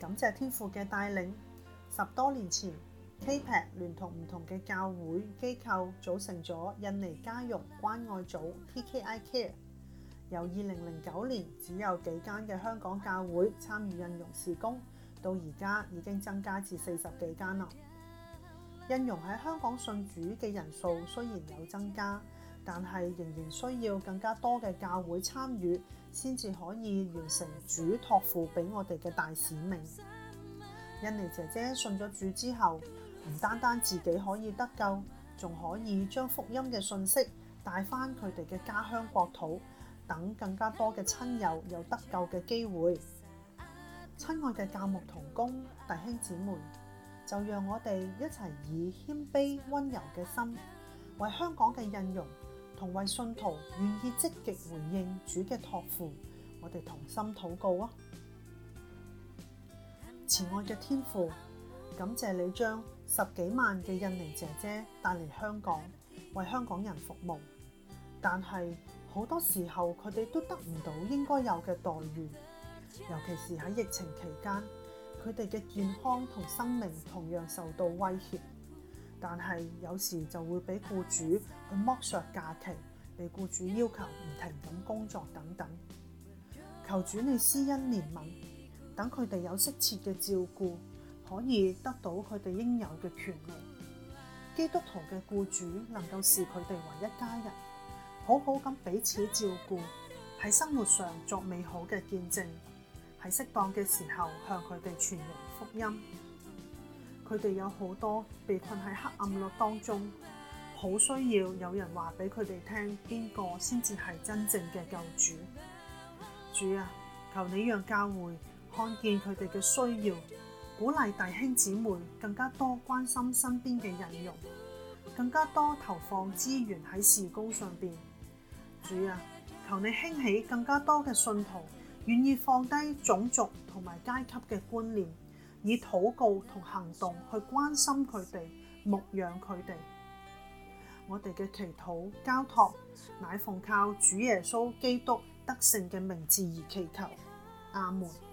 感謝天父嘅帶領，十多年前，K-PAC 聯同唔同嘅教會機構組成咗印尼家傭關愛組 （TKI Care）。由二零零九年只有幾間嘅香港教會參與印傭事工，到而家已經增加至四十幾間啦。印傭喺香港信主嘅人數雖然有增加，但係仍然需要更加多嘅教會參與，先至可以完成主托付俾我哋嘅大使命。印尼姐姐信咗主之後，唔單單自己可以得救，仲可以將福音嘅信息帶翻佢哋嘅家鄉國土，等更加多嘅親友有得救嘅機會。親愛嘅教牧同工、弟兄姊妹，就讓我哋一齊以謙卑溫柔嘅心，為香港嘅印傭。同為信徒願意積極回應主嘅托付，我哋同心禱告啊！慈愛嘅天父，感謝你將十幾萬嘅印尼姐姐帶嚟香港，為香港人服務。但係好多時候佢哋都得唔到應該有嘅待遇，尤其是喺疫情期間，佢哋嘅健康同生命同樣受到威脅。但係有時就會俾雇主去剝削假期，被雇主要求唔停咁工作等等。求主你施恩憐憫，等佢哋有適切嘅照顧，可以得到佢哋應有嘅權利。基督徒嘅雇主能夠視佢哋為一家人，好好咁彼此照顧，喺生活上作美好嘅見證，喺適當嘅時候向佢哋傳揚福音。佢哋有好多被困喺黑暗落當中，好需要有人話俾佢哋聽邊個先至係真正嘅救主。主啊，求你讓教會看見佢哋嘅需要，鼓勵弟兄姊妹更加多關心身邊嘅人用，更加多投放資源喺事工上邊。主啊，求你興起更加多嘅信徒，願意放低種族同埋階級嘅觀念。以禱告同行動去關心佢哋，牧養佢哋。我哋嘅祈禱交託，乃奉靠主耶穌基督得勝嘅名字而祈求。阿門。